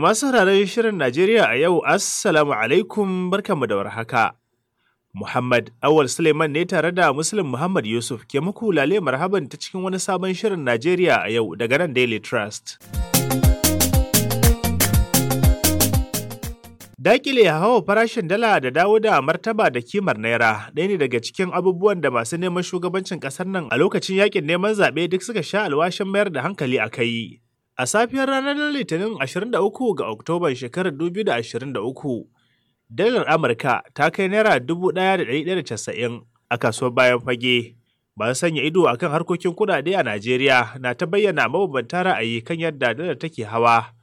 masu sauraron shirin Najeriya a yau, Assalamu alaikum barkanmu da warhaka. Muhammad Awal Suleiman ne tare da Muslim Muhammad Yusuf ke muku lale marhaban ta cikin wani sabon shirin Najeriya a yau daga nan Daily Trust. Dakile hawa farashin dala da dawo da martaba da kimar naira ɗaya ne daga cikin abubuwan da masu neman shugabancin ƙasar nan a lokacin yakin neman zaɓe duk suka sha alwashin mayar da hankali a kai. A safiyar ranar Litinin 23 ga Oktoban shekarar 2023, dalar Amurka ta kai Naira 1,190 a kasuwar bayan fage. Masu sanya ido a kan harkokin kudade a Najeriya na ta bayyana mabambanta ra'ayi kan yadda dalar take hawa.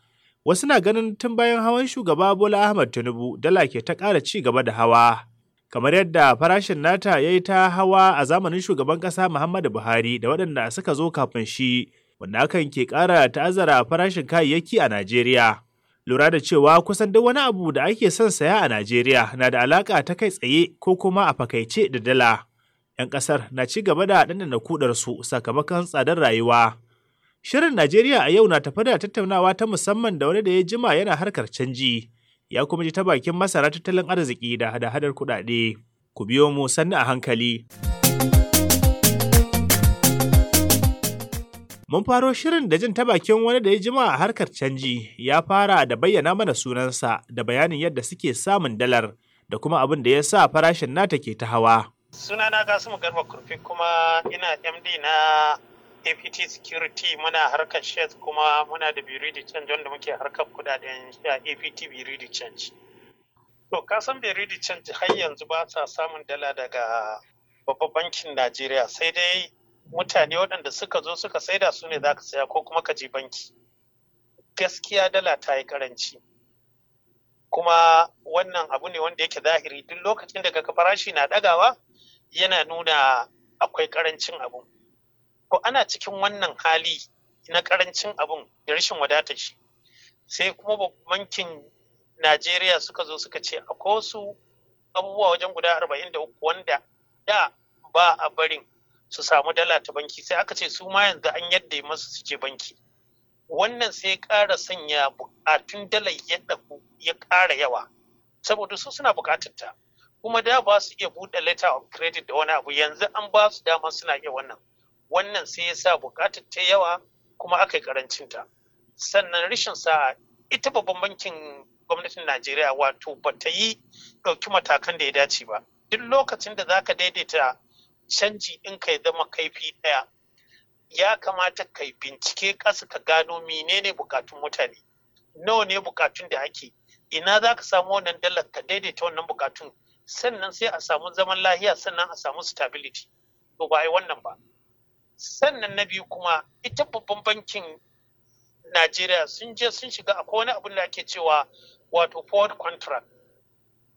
Wasu na ganin tun bayan hawan shugaba Bola Ahmad Tinubu dala ke ta ƙara ci gaba da hawa. Kamar yadda farashin nata ya yi ta hawa a zamanin shugaban ƙasa Muhammadu Buhari da waɗanda suka zo kafin shi wanda hakan ke ƙara ta'azzara a farashin kayayyaki a Najeriya. Lura da cewa kusan duk wani abu da ake son saya a Najeriya na da alaƙa ta kai tsaye ko kuma a fakaice da dala. 'Yan ƙasar na ci gaba da ɗanɗana kudarsu sakamakon tsadar rayuwa. Shirin Najeriya a yau na tafi da tattaunawa ta musamman da wani da ya jima yana harkar canji, ya kuma ji ta bakin masara tattalin arziki da hada-hadar kuɗaɗe. Ku biyo mu sannu a hankali. Mun faro shirin da jin ta bakin wani da ya jima a harkar canji ya fara da bayyana mana sunansa da bayanin yadda suke samun dalar da kuma abin da ya sa farashin nata ke ta hawa. Sunana Kasimu Garba Kurfi kuma ina MD na APT Security muna harkar shares kuma muna da Biridi Change wanda muke harkar kudaden APT Biridi Change. To kasan Biridi Change har yanzu ba sa samun dala daga babban bankin Najeriya sai dai mutane waɗanda suka zo suka saida su ne za ka saya ko kuma ka je banki gaskiya dala ta yi karanci kuma wannan abu ne wanda yake zahiri duk lokacin da ka farashi na ɗagawa yana nuna akwai karancin abu ko ana cikin wannan hali na karancin abun da rashin wadatar shi sai kuma bankin najeriya suka zo suka ce akwai wasu abubuwa wajen guda 43 wanda da ba a barin su samu dala ta banki sai aka ce su ma yanzu an yadda masu su je banki wannan sai ƙara sanya buƙatun dalar ya ya ƙara yawa saboda su suna buƙatar ta kuma da ba su iya buɗe letter of credit da wani abu yanzu an ba su dama suna iya wannan wannan sai ya sa buƙatar ta yawa kuma aka yi ƙarancin ta sannan rashin sa'a ita babban bankin gwamnatin Najeriya wato ba ta yi ɗauki matakan da ya dace ba duk lokacin da za ka daidaita canji ɗinka ya zama kaifi ɗaya ya kamata ka bincike ƙasa ka gano menene bukatun mutane nawa ne bukatun da ake ina za ka samu wannan dalar ka daidaita wannan bukatun sannan sai a samu zaman lahiya sannan a samu stability to ba ai wannan ba sannan na biyu kuma ita babban bankin najeriya sun je sun shiga akwai wani abin da ake cewa wato forward contract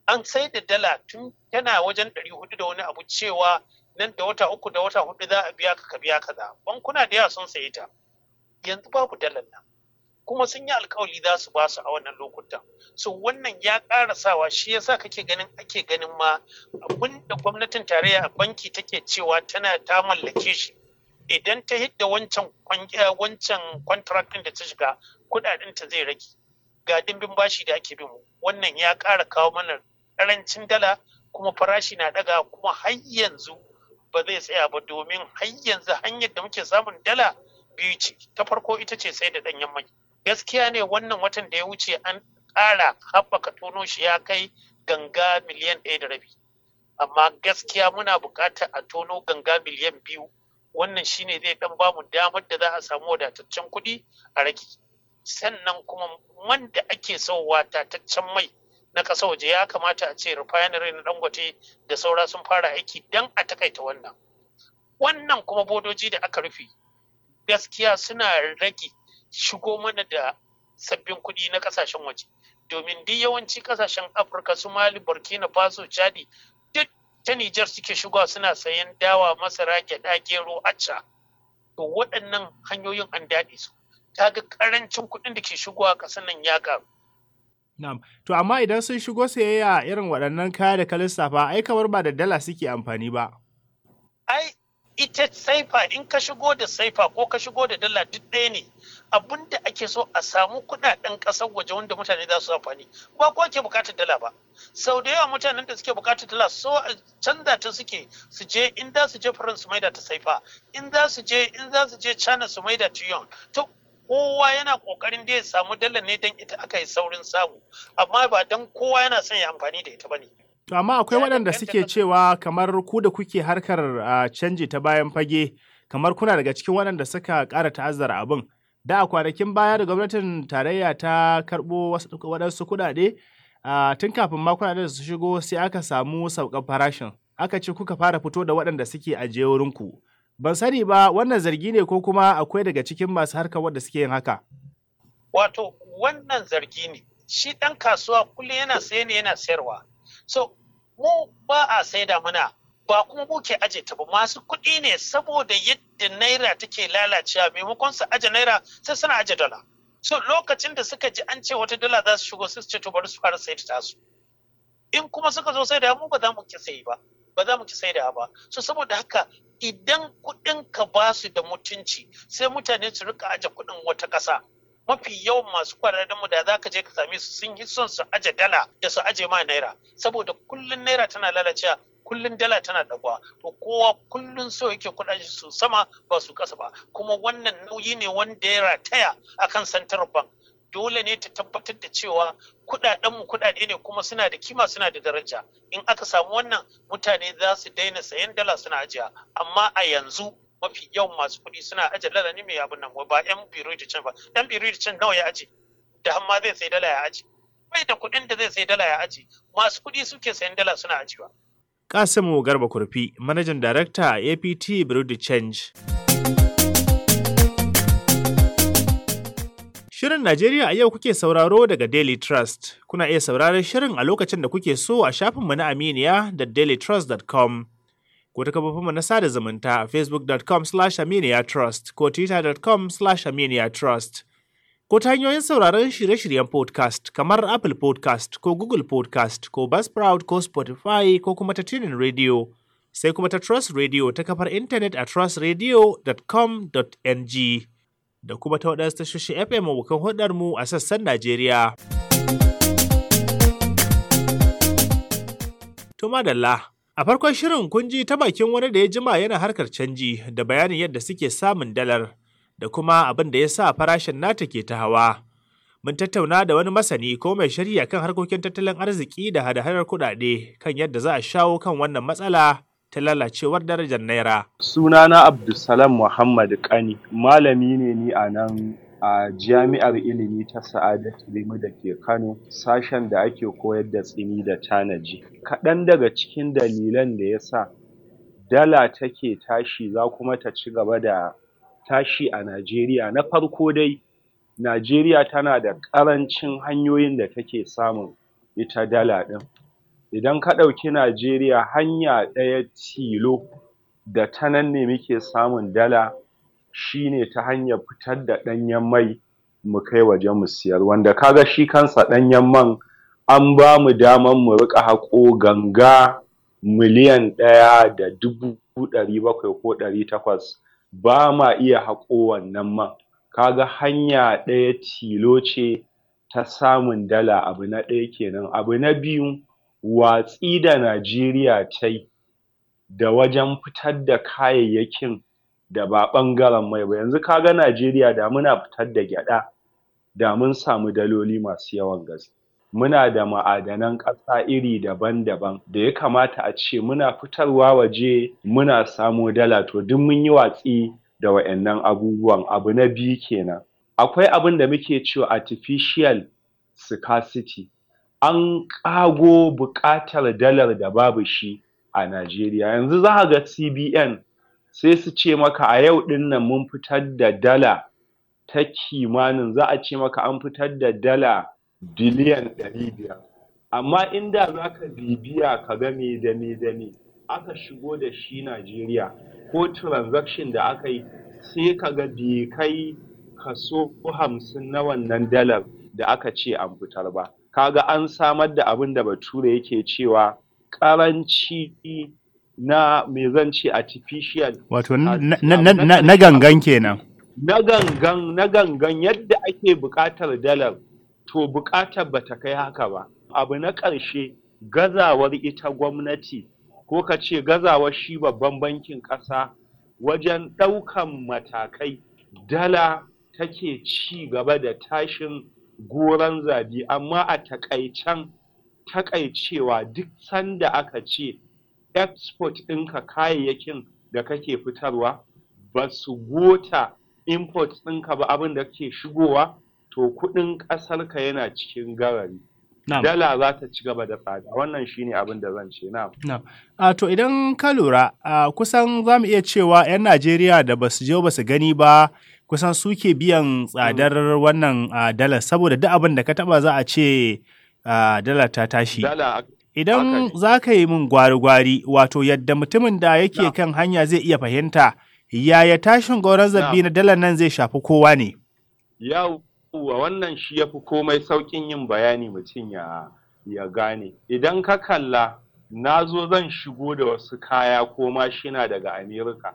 an sai da dala tun tana wajen 400 da wani abu cewa nan da wata uku da wata hudu za a biya ka ka biya kaza bankuna da yawa sun sayi ta yanzu babu dalar nan kuma sun yi alkawali za su ba su a wannan lokutan so wannan ya ƙara sawa shi yasa kake ganin ake ganin ma abin da gwamnatin tarayya a banki take cewa tana ta mallake shi idan ta hidda wancan eh, wancan contract da ta shiga kudaden ta zai rage ga dimbin bashi da ake bin wannan ya ƙara kawo mana ƙarancin dala kuma farashi na daga kuma har yanzu ba zai tsaya ba domin har yanzu hanyar da muke samun dala biyu ce ta farko ita ce sai da ɗanyen mai gaskiya ne wannan watan da ya wuce an ƙara haɓaka tono shi ya kai ganga miliyan ɗaya da rabi amma gaskiya muna buƙatar a tono ganga miliyan biyu wannan shine zai ɗan bamu damar da za a samu wadataccen kuɗi a rage sannan kuma wanda da ake sauwa tataccen mai na ƙasa waje ya kamata a ce refinery na dangote da saura sun fara aiki don a takaita wannan wannan kuma bodoji da aka rufe gaskiya suna rage shigo mana da sabbin kuɗi na ƙasashen waje domin duk yawanci ƙasashen afirka su mali burkina faso chadi duk ta nijar suke shigowa suna sayan dawa masara gyaɗa gero acca to waɗannan hanyoyin an daɗe su ta ga ƙarancin kuɗin da ke shigowa ƙasar nan ya ƙaru Na'am. To amma idan sun shigo sayayya irin waɗannan kaya da ka lissafa ai kamar ba da dala suke amfani ba. Ai ita saifa in ka shigo da saifa ko ka shigo da dala duk ɗaya ne abin da ake so a samu kuɗaɗen ƙasar waje wanda mutane za su amfani ba ko ke bukatar dala ba sau da yawa mutanen da suke bukatar dala so a canza ta suke su je in za su je faransa su maida ta saifa in za su je in za su je china su maida ta yon to kowa yana kokarin da ya samu dala ne don ita aka yi saurin samu amma ba don kowa yana son ya amfani da ita ba ne. To amma akwai waɗanda suke cewa kamar ku da kuke harkar canji ta bayan fage kamar kuna daga cikin waɗanda suka ƙara ta'azzara abin. Da a kwanakin baya da gwamnatin tarayya ta karɓo waɗansu kuɗaɗe tun kafin ma da su shigo sai aka samu sauƙar farashin. Aka ce kuka fara fito da waɗanda suke ajiye wurinku. ban sani ba wannan zargi ne ko kuma akwai daga cikin masu harka wanda suke yin haka wato wannan zargi ne shi ɗan kasuwa kullum yana saye ne yana sayarwa so mu ba a saida muna ba kuma muke aje ta ba masu kuɗi ne saboda yadda naira take lalacewa maimakon su aje naira sai suna aje dala so lokacin da suka ji an ce wata dala za su shigo su ce to bari su fara sai ta su in kuma suka zo sai da mu ba za mu ki sai ba ba za mu ki sai da ba so saboda haka idan kuɗin ka ba su da mutunci sai mutane su rika aje kuɗin wata ƙasa mafi yawan masu kwararren mu da za ka je ka same su sun yi son su aje dala da su aje ma naira saboda kullun naira tana lalacewa kullun dala tana ɗaguwa to kowa kullun so yake kuɗaɗe su sama ba su ƙasa ba kuma wannan nauyi ne wanda ya rataya akan santar bank dole ne ta tabbatar da cewa kudadenmu kudade ne kuma suna da kima suna da daraja in aka samu wannan mutane za su daina sayan dala suna ajiya amma a yanzu mafi yawan masu kuɗi suna aje dala ne mai abin nan ba yan biro da can ba yan biro da can nawa ya aje da hamma zai sai dala ya aje bai da kuɗin da zai sai dala ya aje masu kuɗi suke sayan dala suna ajiwa Kasimu Garba Kurfi, Manajan Darakta a APT Bureau Change. Shirin Najeriya a yau kuke sauraro daga Daily Trust. Kuna iya sauraron shirin a lokacin da kuke so a shafinmu na Aminiya da dailytrust.com. Ko ta kafofinmu na sada zumunta a facebook.com slash aminiyatrust ko twitter.com slash aminiyatrust. Ko ta hanyoyin sauraron shirye-shiryen podcast kamar Apple podcast ko Google podcast ko Buzzsprout ko Spotify ko kuma ta tunin radio. Sai kuma ta Trust Radio ta kafar intanet a trustradio.com.ng. da kuma ta waɗansu tashoshin FM abokan hudar mu a sassan Najeriya. To madalla, a farkon shirin kun ji ta bakin wani da ya jima yana harkar canji da bayanin yadda suke samun dalar da kuma abin da ya sa farashin nata ke ta hawa. Mun tattauna da wani masani ko mai shari'a kan harkokin tattalin arziki da hada-hadar kuɗaɗe kan yadda za a shawo kan wannan matsala ta lalacewar darajar naira. Sunana Abdulsalam Muhammad Kani, malami ne ni a nan a jami'ar ilimi ta Sa'adat Limu da ke Kano, sashen da ake koyar da tsini da tanaji. Kaɗan daga cikin dalilan da ya sa dala take tashi za kuma ta ci gaba da tashi a Najeriya. Na farko dai, Najeriya tana da ƙarancin hanyoyin da take samun ita dala ɗin. idan ka ɗauki Najeriya hanya ɗaya tilo da ta nan ne muke samun dala shi ne ta hanyar fitar da ɗanyen mai mu kai waje mu siyar wanda kaga ga shi kansa ɗanyen man an ba mu daman mu riƙa haƙo ganga miliyan ɗaya da dubu ɗari bakwai ko ɗari takwas ba ma iya haƙo wannan man Kaga hanya ɗaya tilo ce ta samun dala abu na ɗaya kenan abu na biyu watsi da Najeriya ta yi da wajen fitar da kayayyakin da ba ɓangaren mai ba. Yanzu ka ga Najeriya da muna fitar da gyaɗa da mun samu daloli masu yawan gaske. Muna da ma'adanan ƙasa iri daban-daban da ya kamata a ce muna fitarwa waje muna samo dala to duk mun yi watsi da wa'annan abubuwan. Abu na biyu kenan. Akwai abin da muke cewa artificial scarcity. an ƙago buƙatar dalar da babu shi a Najeriya yanzu za ka ga CBN sai su ce maka a yau ɗin nan mun fitar da dala ta kimanin za a ce maka an fitar da dala biliyan ɗari biyar amma inda za ka bibiya ka ga me da me da me aka shigo da shi Najeriya ko transaction da aka yi sai ka ga bai kai kaso hamsin na wannan dalar da aka ce an fitar ba kaga an samar da abin da bature yake cewa ƙaranci na mai zan artificial wato na gangan kenan na gangan na gangan yadda ake buƙatar dalar to buƙatar ba ta kai haka ba abu na ƙarshe gazawar ita gwamnati ko ka ce gazawar shi babban bankin ƙasa wajen ɗaukan matakai dala take ci gaba da tashin goron zabi amma a takaicen takaicewa duk sanda aka ce export ɗinka kayayyakin da kake fitarwa ba su gota import ɗinka ba abin da ke shigowa to kuɗin ƙasarka yana cikin garari dala za ta ci gaba da tsada wannan shine abin da zan ce na a to idan ka lura kusan za mu iya cewa 'yan najeriya da ba su je ba su gani ba kusan suke biyan mm. tsadar wannan ah, dala saboda duk abin da ka taba za a ce ah, dala ta tashi. Idan za ka yi min gwari-gwari wato yadda mutumin da yake kan hanya zai iya fahimta yaya tashin gauran zabi na dalar nan zai shafi kowa ne. Yau wannan shi ya fi komai sauƙin yin bayani mutum ya ya gane idan ka kalla na zo zan shigo da wasu kaya ko mashina daga amerika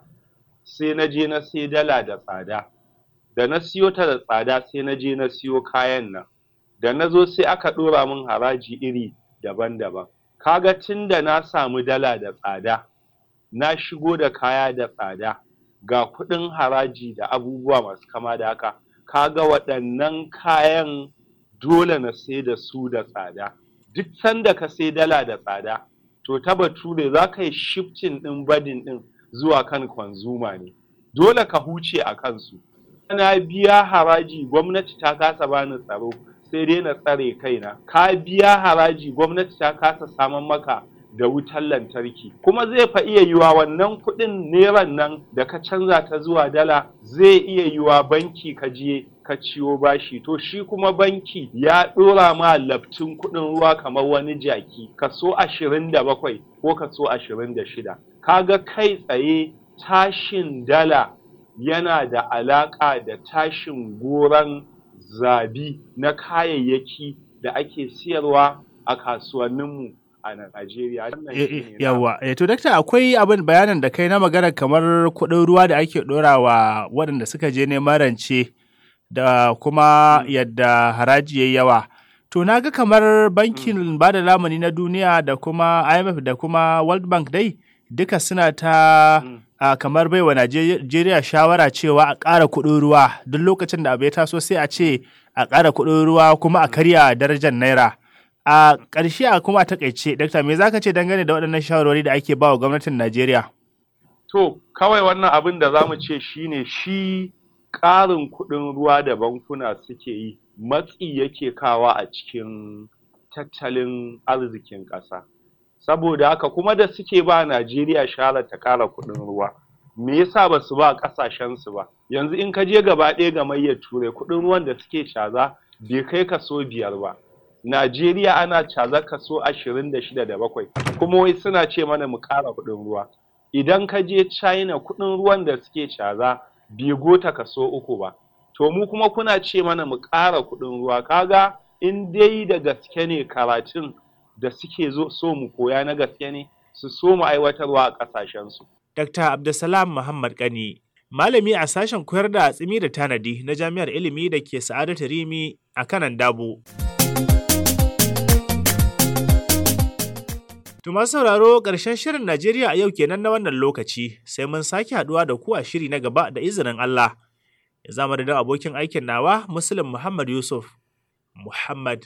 sai na je na sai dala da tsada da na siyo ta da tsada sai na je na siyo kayan nan da na zo sai aka ɗora min haraji iri daban-daban kaga tun da na samu dala da tsada na shigo da kaya da tsada ga kuɗin haraji da abubuwa masu kama da haka kaga waɗannan kayan dole na sai da su da tsada duk sanda ka sai dala da tsada to ta bature za ka yi shifcin ɗin badin ɗin zuwa kan kwanzuma ne dole ka huce a kansu na biya haraji gwamnati ta kasa bani tsaro sai dai na tsare kaina ka biya haraji gwamnati ta kasa saman maka da wutar lantarki kuma zai fa iya yiwa wannan kuɗin neran nan da ka canza ta zuwa dala zai iya yiwa banki ka je ka ciwo bashi to shi kuma banki ya ɗora ma laftin kuɗin ruwa kamar wani jaki kaso ashirin da bakwai ko kaso ashirin da shida kaga kai tsaye tashin dala yana da alaƙa da tashin goron zabi na kayayyaki da ake siyarwa a kasuwanninmu a Najeriya. Eh, eh, yawwa, eh, to dakta akwai abin bayanan da kai na magana kamar kuɗin ruwa da ake ɗorawa waɗanda suka je neman rance da kuma hmm. yadda haraji ya yawa. To na ga kamar hmm. bankin bada da lamuni na duniya da kuma IMF da kuma World Bank dai duka suna ta mm. a kamar baiwa Najeriya shawara cewa a ƙara kuɗin ruwa duk lokacin da abu ya taso sai a ce a ƙara kuɗin ruwa kuma a karya darajar naira. A ƙarshe a kuma takaice, Dakta, me za ka ce dangane da waɗannan shawarwari da ake ba wa gwamnatin Najeriya? To, kawai wannan abin da za mu ce shi ne shi ƙarin kuɗin ruwa da bankuna suke yi matsi yake kawa a cikin tattalin arzikin ƙasa. saboda haka kuma da suke ba Najeriya shala ta kara kuɗin ruwa me yasa ba su ba ƙasashen su ba yanzu in ka je gaba ɗaya ga Mayyar turai kuɗin ruwan da suke caza bai kai kaso biyar ba Najeriya ana caza kaso ashirin da shida da bakwai kuma wai suna ce mana mu ƙara kuɗin ruwa idan ka je China kuɗin ruwan da suke caza bai gota kaso uku ba to mu kuma kuna ce mana mu ƙara kuɗin ruwa kaga in dai da gaske ne karatun da suke so mu koya na gaske ne su so mu aiwatarwa a ƙasashensu. Dr. Abdulsalam Muhammad Kani Malami a sashen koyar da tsimi da tanadi na jami'ar ilimi da ke Sa'adatu Rimi a kanan Dabo. Tuma sauraro ƙarshen shirin Najeriya a yau kenan na wannan lokaci sai mun sake haɗuwa da ku a shiri na gaba da izinin Allah. Ya zama da abokin aikin nawa Muslim Muhammad Yusuf. Muhammad